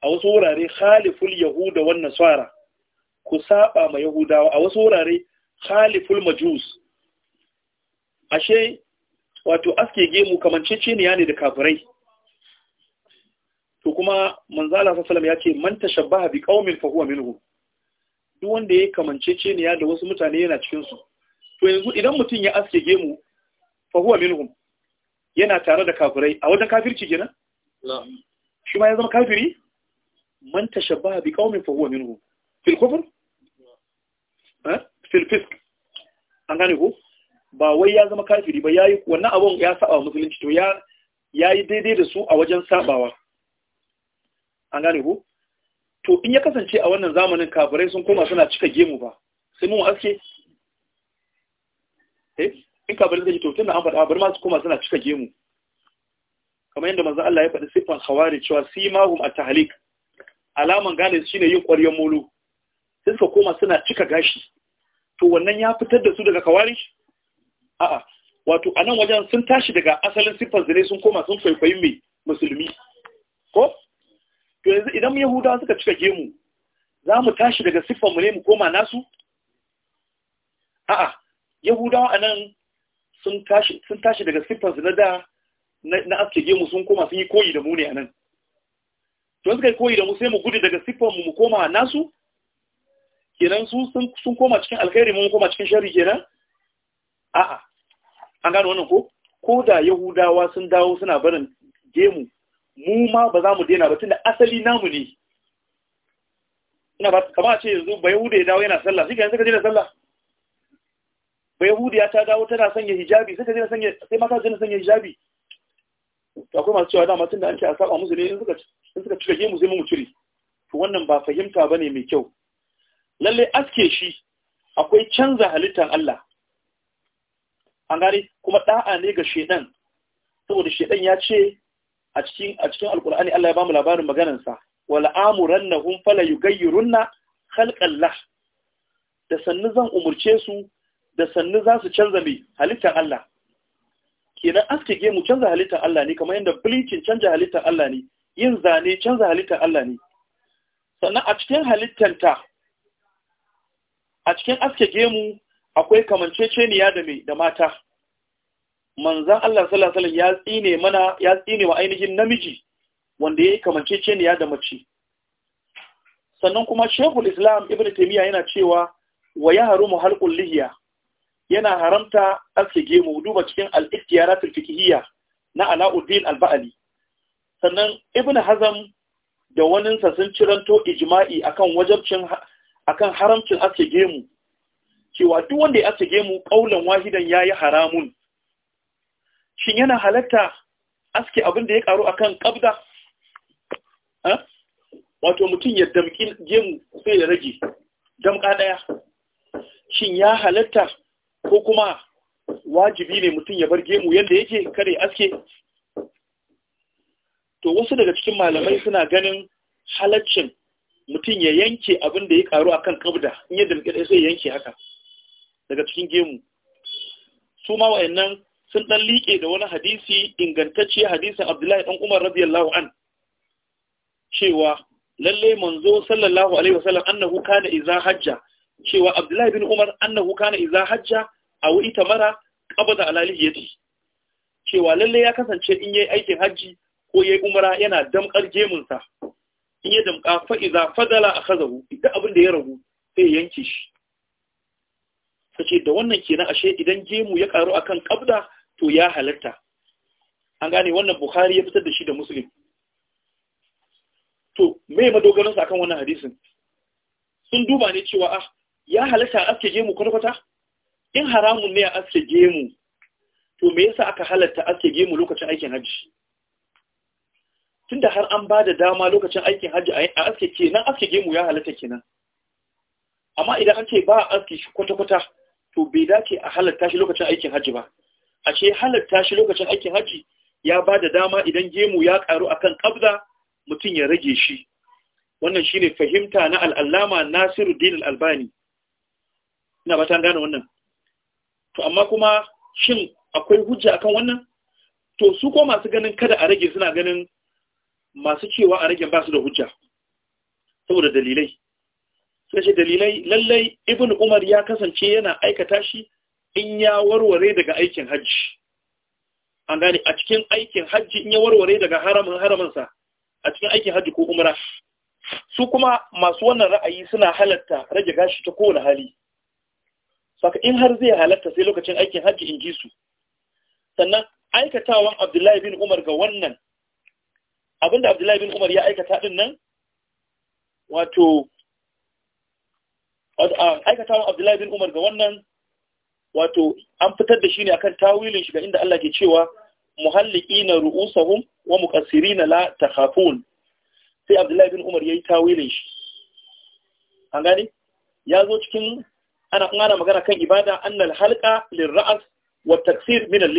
a wasu wurare khaliful yahuda wan nasara ku saba ma yahudawa a wasu wurare khaliful majus ashe wato aske gemu cece ne da kafirai to kuma Allah sallallahu ya yace man tashabbaha bi qaumin fa huwa minhu duk wanda ya kamanceceniya da wasu mutane yana cikin su to yanzu idan mutum ya aske gemu fa huwa minhum yana tare da kafirai a wajen kafirci kenan shi ma ya zama kafiri من تشبه بقوم فهو منه في الكفر fil في الفسق fil fisk an gane يا ba wai ya zama kafiri ba يا wannan abun ya يا musulunci to ya yayi daidai da su a wajen sabawa an gane ko to in ya kasance a wannan zamanin kafirai sun koma suna cika gemu ba sai mun aske eh in kafirai zai to tunda an faɗa bar ma su koma suna cika gemu kamar yadda manzo Allah ya faɗi siffan khawari cewa simahum at-tahlik alaman gane shine yin ƙwaryen molo sai suka koma suna cika gashi to wannan ya fitar da su daga kawarish a'a wato a nan wajen sun tashi daga asalin siffar da ne sun koma sun kwaikwayi mai musulmi ko to yanzu idan yahudawa suka cika gemu za mu tashi daga siffar mu ne mu koma nasu a'a yahudawa a nan sun tashi daga siffar su na da na aske gemu sun koma sun yi koyi da mu ne a nan to suka koyi da mu sai mu gudu daga siffar mu mu koma nasu kenan su sun koma cikin alkhairi mu koma cikin sharri kenan a'a an gano wannan ko ko da yahudawa sun dawo suna barin gemu mu ma ba za mu daina ba tunda asali namu ne ina ba kamar ce yanzu ba yahuda ya dawo yana sallah shi kenan suka daina sallah ba yahudiya ta dawo tana sanya hijabi suka daina sanya sai mata suna sanya hijabi akwai masu cewa dama tunda an ce a saba musu ne in suka in suka cika gemu zai mu cire to wannan ba fahimta bane mai kyau lalle aske shi akwai canza halittar Allah an gane kuma da'a ne ga shedan saboda shedan ya ce a cikin a cikin alkur'ani Allah ya bamu labarin maganar sa wala amurannahum fala yughayyirunna lah. da sannu zan umurce su da sannu za su canza mai halittar Allah kenan aske gemu canza halittar Allah ne kamar yadda bleaching canza halittar Allah ne yin zane canza halittar Allah ne sannan a cikin halittanta a cikin aske gemu akwai kamanceceniya da mai da mata manzan Allah sallallahu ya tsine mana ya tsine wa ainihin namiji wanda ya yayi kamanceceniya da mace sannan kuma shehul Islam Ibn Taymiyyah yana cewa wa haru halqul lihiya yana haramta aske gemu duba cikin al-ikhtiyaratul na Alauddin al sannan ibn hazam da waninsa sun ciranto ijma'i akan wajabcin akan haramcin aske gemu cewa duk wanda ya aske gemu kaulan wahidan yayi haramun shin yana halatta aske abin da ya karu akan kabda wato mutum ya damki gemu sai ya rage damka daya shin ya halatta ko kuma wajibi ne mutum ya bar gemu yadda yake kare aske to wasu daga cikin malamai suna ganin halaccin mutum ya yanke abin da ya karu akan kabda in yadda muke da sai yanke haka daga cikin gemu su ma wayannan sun dan liƙe da wani hadisi ingantacce hadisin Abdullahi dan Umar radiyallahu an cewa lalle manzo sallallahu alaihi wasallam annahu kana idza hajja cewa Abdullahi bin Umar annahu kana idza hajja aw itamara qabada ala lihiyati cewa lalle ya kasance in yayi aikin haji ko yayi umra yana damkar gemun in ya damka fa idza fadala kazahu, idan abin da ya ragu sai yanke shi sace da wannan kenan ashe idan gemu ya karu akan ƙabda to ya halarta an gane wannan bukhari ya fitar da shi da muslim to me madogaran sa akan wannan hadisin sun duba ne cewa ah ya halarta aske gemu kwata-kwata in haramun ne a aske gemu to me yasa aka halarta aske gemu lokacin aikin hajji tunda har an ba da dama lokacin aikin hajji a aske ke kenan aske gemu ya halatta kenan amma idan an ce ba a aske shi kwata-kwata to bai dace a halatta shi lokacin aikin hajji ba ashe halatta shi lokacin aikin hajji ya ba da dama idan gemu ya karu kan kabza mutum ya rage shi wannan shi ne fahimta na al'allama nasiru al-Albani ina ba ta gane wannan to amma kuma shin akwai hujja akan wannan to su ko masu ganin kada a rage suna ganin masu cewa a rage ba su da hujja saboda dalilai sai ce dalilai lallai ibn umar ya kasance yana aikata shi in ya warware daga aikin hajji an gane a cikin aikin hajji in ya warware daga haramin haraminsa a cikin aikin hajji ko umra su kuma masu wannan ra'ayi suna halatta rage gashi ta kowane hali saka in har zai halatta sai lokacin aikin hajji in ji su sannan aikatawan abdullahi bin umar ga wannan abinda abdullahi bin umar ya aikata din nan wato abdullahi bin umar ga wannan wato an fitar da shi ne akan tawilin shi ga inda Allah ke cewa muhalliki na ru'usahum wa na la takhafun sai abdullahi bin umar yayi tawilin shi an gane ya zo cikin ana magana kan ibada annal halqa ra'as wa taksir min al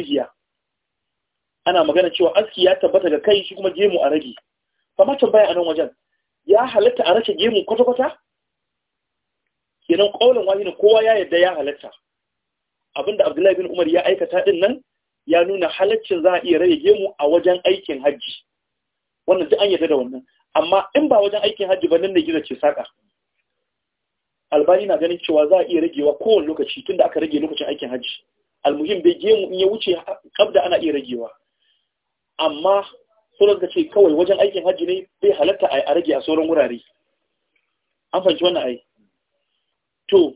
ana magana cewa aski ya tabbata ga kai shi kuma gemu a rage kamar tambaya a nan wajen ya halatta a rashin gemu kwata-kwata kenan ƙaunar ne kowa ya yadda ya halatta abinda abdullahi bin umar ya aikata din nan ya nuna halaccin za a iya rage gemu a wajen aikin hajji wannan duk an yadda da wannan amma in ba wajen aikin hajji ba nan ne gizo ce saka albani na ganin cewa za a iya ragewa kowane lokaci tunda aka rage lokacin aikin hajji almuhim bai gemu in ya wuce kabda ana iya ragewa amma sun da ce kawai wajen aikin hajji ne bai halatta a rage a sauran wurare an fahimci wannan ai to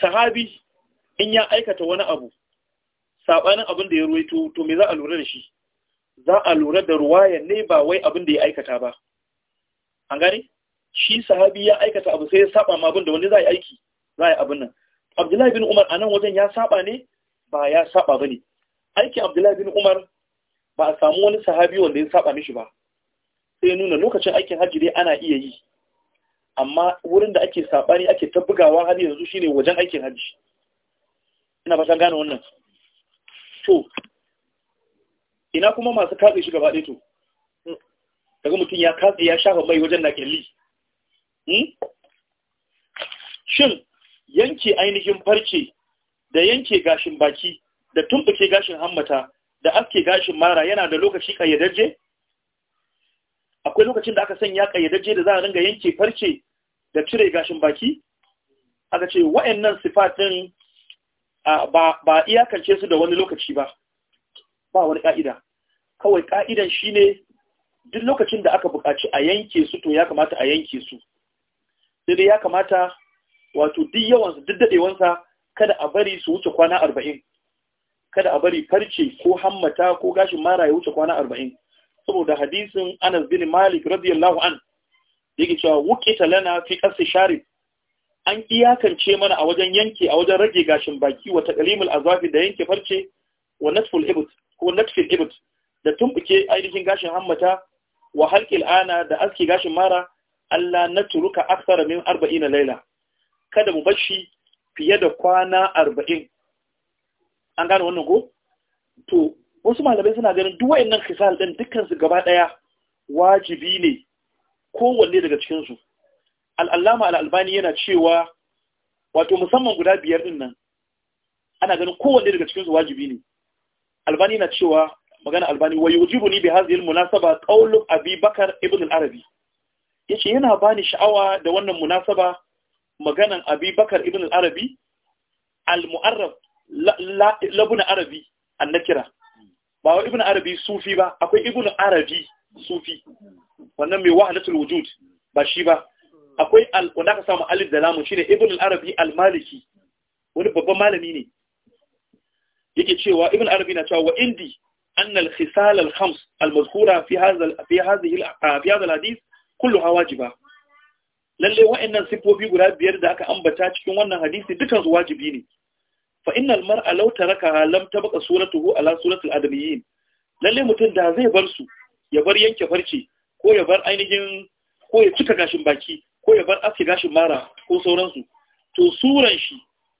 sahabi in ya aikata wani abu sabanin abin da ya ruwaito to me za a lura da shi za a lura da ruwaya ne ba wai abin da ya aikata ba an gane shi sahabi ya aikata abu sai ya saba ma abin da wani za a yi aiki za a yi abin nan abdullahi bin umar a nan wajen ya saba ne ba ya saba ba ne aikin abdullahi bin umar ba a samu wani sahabi wanda ya saba mishi ba sai nuna lokacin aikin hajji dai ana iya yi amma wurin da ake sabani ake tabbugawa har yanzu shine wajen aikin hajji ina ba gane wannan to ina kuma masu katse shi gaba ɗaya to daga mutum ya katse ya shafa mai wajen na kelli hmm? shin yanke ainihin farce da yanke gashin baki da tumbuke gashin hammata da aske gashin mara yana da lokaci kayyadarje? akwai lokacin da aka sanya kayyadarje da za a ringa yanke farce da cire gashin baki aka ce wa'annan sifatin ba iyakance su da wani lokaci ba ba wani ka'ida kawai ka'idan shine duk lokacin da aka buƙaci a yanke su to ya kamata a yanke su sai dai ya kamata wato duk yawansa duk daɗewansa kada a bari su wuce kwana arba'in kada a bari farce ko hammata ko gashin mara ya wuce kwana arba'in saboda hadisin anas bin malik radiyallahu an yake cewa ta lana fi ƙasa sharif an iyakance mana a wajen yanke a wajen rage gashin baki wata kalimul azafi da yanke farce wa natful ibut ko natfil ibut da tumbuke ainihin gashin hammata wa halqil ana da aski gashin mara Allah na turuka aksara min na laila kada mu bashi fiye da kwana arba'in an gane wannan ko to wasu malamai suna ganin duk wayannan kisal din dukkan su gaba daya wajibi ne kowanne daga cikin su al-allama al-albani yana cewa wato musamman guda biyar din nan ana ganin kowanne daga cikin su wajibi ne albani yana cewa magana albani wa yujibu ni bi hadhihi al-munasaba qawlu abi bakr ibn al-arabi yace yana bani sha'awa da wannan munasaba maganan abi bakar ibn al-arabi al-mu'arraf labuna arabi annakira ba wa ibn arabi sufi ba akwai ibn arabi sufi wannan mai wahalatul wujud ba shi ba akwai wanda aka samu alif da lamun shine ibn arabi al-maliki wani babban malami ne yake cewa ibn arabi na cewa wa indi أن الخصال الخمس المذكورة في هذا في هذه في هذا الحديث كلها واجبة lalle wa'annan sifofi guda biyar da aka ambata cikin wannan hadisi dukan su wajibi ne fa innal mar'a law taraka lam tabqa suratuhu ala suratul adamiyyin lalle mutum da zai bar su ya bar yanke farce ko ya bar ainihin ko ya cika gashin baki ko ya bar aske gashin mara ko sauransu to suran shi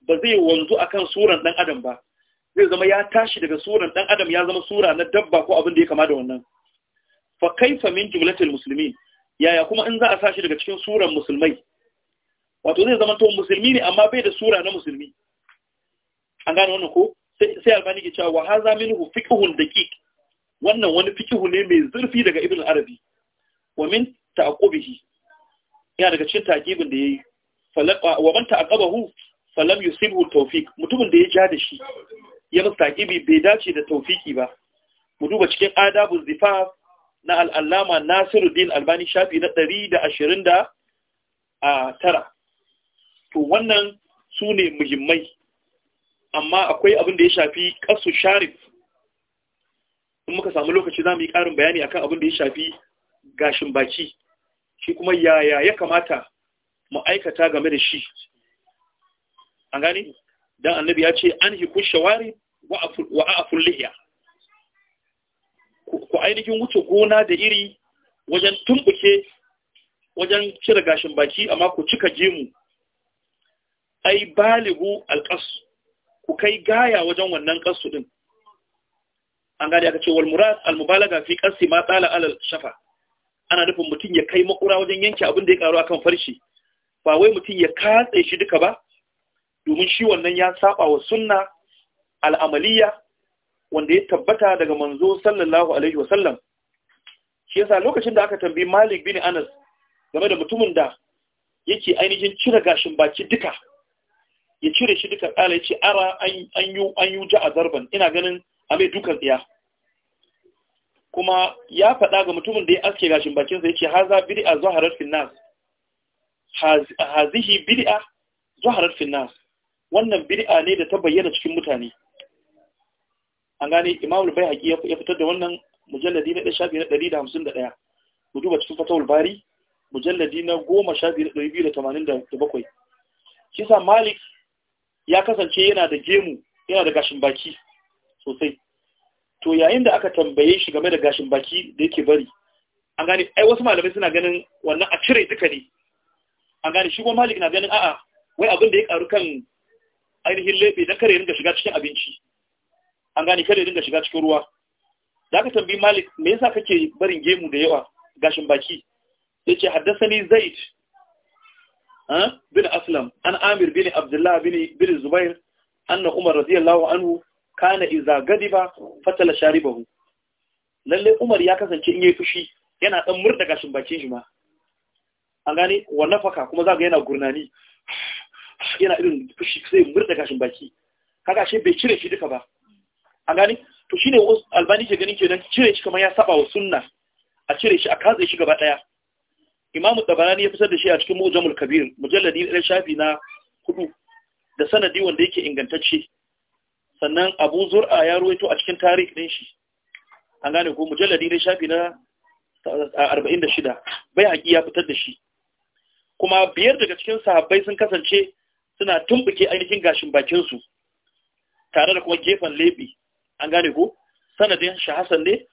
ba zai wanzu akan suran dan adam ba zai zama ya tashi daga suran dan adam ya zama sura na dabba ko abin da ya kama da wannan fa kaifa min jumlatil muslimin yaya kuma in za a sashi daga cikin suran musulmai wato zai zama to musulmi ne amma bai da sura na musulmi an gane wannan ko sai albani ke cewa wa haza minhu fiqhun daqiq wannan wani fiqhu ne mai zurfi daga ibn arabi wa min ta'qubihi yana daga cikin ta'qibin da yayi falaqa wa man ta'qabahu falam yusibhu tawfiq mutumin da ya ja da shi ya masa takibi bai dace da tawfiki ba mu duba cikin adabu zifaf na al-allama nasiruddin albani shafi na ɗari da ashirin da a tara to wannan su ne muhimmai amma akwai abin da ya shafi kasu sharif in muka samu lokaci za mu yi ƙarin bayani akan abin da ya shafi gashin baki shi kuma yaya ya kamata mu aikata game da shi an gani dan annabi ya ce an hiku shawari wa aful lihiya ku ainihin wuce gona da iri wajen tumbuke wajen cire gashin baki amma ku cika jemu ai baligu alqas ku kai gaya wajen wannan kasu din an gane aka ce wal murad al fi qassi ma tala alal shafa ana nufin mutum ya kai makura wajen yanke abin da ya karu akan farshi ba wai mutum ya katse shi duka ba domin shi wannan ya saba wa sunna al'amaliya wanda ya tabbata daga manzo sallallahu alaihi wasallam shi yasa lokacin da aka tambayi Malik bin Anas game da mutumin da yake ainihin cire gashin baki duka ya cire shi duka kala ya ce ara an yi ja a zarban ina ganin a mai dukan tsiya kuma ya faɗa ga mutumin da ya aske gashin bakin ya ce haza bid'a zaharar finnas hazihi bid'a zaharar finnas wannan bid'a ne da ta bayyana cikin mutane an gane imamul bai haƙi ya fitar da wannan mujalladi na shafi na ɗari da hamsin da ɗaya ku duba cikin fatawul bari mujalladi na goma shafi na ɗari biyu da tamanin da bakwai kisa malik ya kasance yana da gemu yana da gashin baki sosai to yayin da aka tambaye shi game da gashin baki da yake bari an gane ai wasu malamai suna ganin wannan a cire duka ne an gane shi kuma malik na ganin a'a wai abin da ya karu kan ainihin lebe dan kare ringa shiga cikin abinci an gane kare ringa shiga cikin ruwa da aka tambayi malik me yasa kake barin gemu da yawa gashin baki yace ni zaid bin aslam an amir bin abdullah bin zubair anna umar radiyallahu anhu kana iza gadiba fatala sharibahu lalle umar ya kasance in yayi fushi yana dan murda gashin bakin shi ma an gane wa nafaka kuma zaka yana gurnani yana irin fushi sai murda gashin baki kaga shi bai cire shi duka ba an gane to shine albani ke ganin kenan cire shi kamar ya saba wa sunna a cire shi a katse shi gaba daya imamu tabarani ya fitar da shi a cikin mujamul kabir mujalladi ɗan shafi na hudu da sanadi wanda yake ingantacce sannan abu zur'a ya ruwaito a cikin tarihi ɗin shi an gane ko mujalladi ɗan shafi na 46 bai haƙi ya fitar da shi kuma biyar daga cikin sahabbai sun kasance suna tumbuke ainihin gashin bakinsu tare da kuma gefen lebi an gane ko sanadin shahasan ne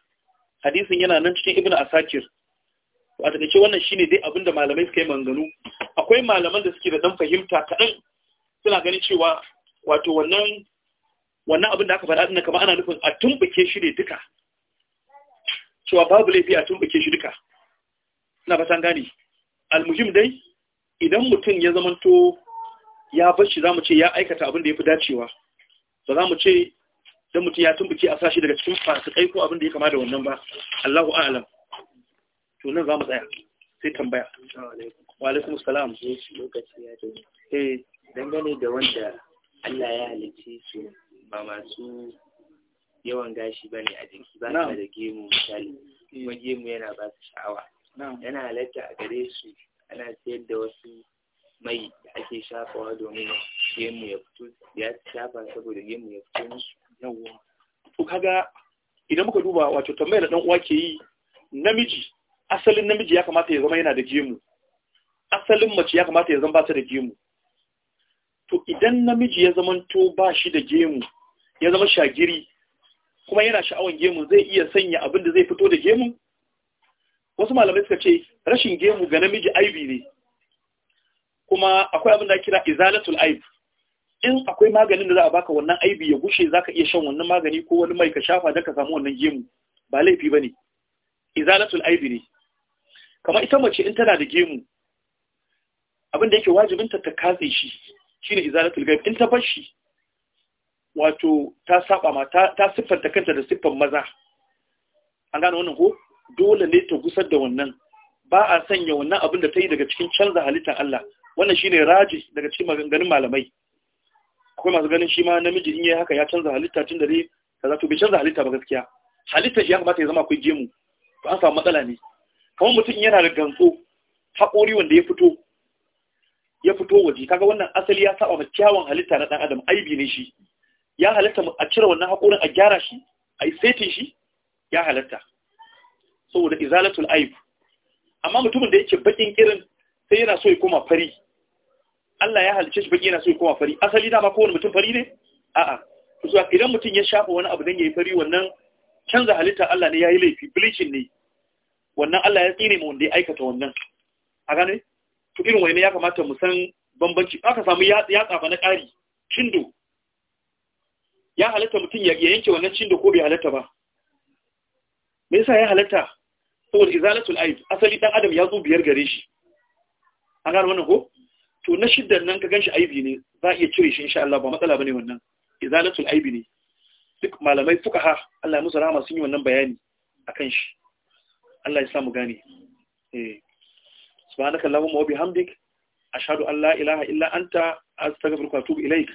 hadisin yana nan cikin ibnu asakir a takaice wannan shine dai abinda malamai suka yi manganu akwai malaman da suke da dan fahimta kaɗan suna ganin cewa wato wannan wannan abin da aka faɗa ɗin kamar ana nufin a tumɓuke shi ne duka cewa babu laifi a tumɓuke shi duka na fasan gane almuhim dai idan mutum ya zamanto ya bar shi za mu ce ya aikata abin da ya fi dacewa ba za mu ce don mutum ya tumbuke a sashi daga cikin fasikai ko abin da ya kama da wannan ba Allahu a'alam to nan za mu tsaya sai tambaya wa alaikum salam lokaci ya ce eh dangane da wanda Allah ya halicce su ba masu yawan gashi bane a jiki ba da gemu misali eh. kuma gemu yana ba su sha'awa yana halatta a gare su ana sayar da wasu mai da ake shafawa domin gemu ya fito ya shafa saboda gemu ya fito musu yawwa to kaga idan muka duba wato tambayar da dan uwa ke yi namiji asalin namiji ya kamata ya zama yana da gemu asalin mace ya kamata ya zama ba ta da gemu to idan namiji ya zama to ba shi da gemu ya zama shagiri kuma yana sha'awan gemu zai iya sanya abin da zai fito da gemu wasu malamai suka ce rashin gemu ga namiji aibi ne kuma akwai abin da kira izalatul aib in akwai maganin da za a baka wannan aibi ya gushe zaka iya shan wannan magani ko wani mai ka shafa don ka samu wannan gemu ba laifi bane izalatul aibi ne kamar ita mace in tana da gemu abin da yake wajibinta ta katse shi shine izalatul gaib in ta bashi, wato ta saba ma ta siffanta kanta da siffan maza an gane wannan ko dole ne ta gusar da wannan ba a sanya wannan abin da ta yi daga cikin canza halittar Allah wannan shine raji daga cikin maganganun malamai akwai masu ganin shi ma namiji in yayi haka ya canza halitta tun da ne? kaza to bai canza halitta ba gaskiya halitta shi ya kamata ya zama akwai gemu to an samu matsala ne kamar mutum yana da gantso haƙori wanda ya fito ya fito waje kaga wannan asali ya saba mai kyawun halitta na ɗan adam aibi ne shi ya halitta a cire wannan haƙorin a gyara shi a yi setin shi ya halitta saboda izalatul aib amma mutumin da yake bakin irin sai yana so ya koma fari Allah ya halice shi baki yana so ya koma fari asali dama kowane mutum fari ne a'a to idan mutum ya shafa wani abu dan yayi fari wannan canza halitta Allah ne yayi laifi bleaching ne wannan Allah ya tsine mu wanda ya aikata wannan a gane to irin wani ya kamata mu san bambanci aka samu ya tsafa na ƙari cindo ya halatta mutum ya yanke wannan cindo ko bai halatta ba me yasa ya halatta saboda izalatul aib asali dan adam ya zo biyar gare shi an gane wannan ko to na shiddan nan ka ganshi aibi ne za a iya cire shi insha Allah ba matsala bane wannan izalatul aib ne duk malamai ha! Allah ya musu rahama sun yi wannan bayani akan shi Allah ya samu gani. eh Allahumma wa bihamdik ashhadu an la ilaha illa anta astaghfiruka wa atubu ilaik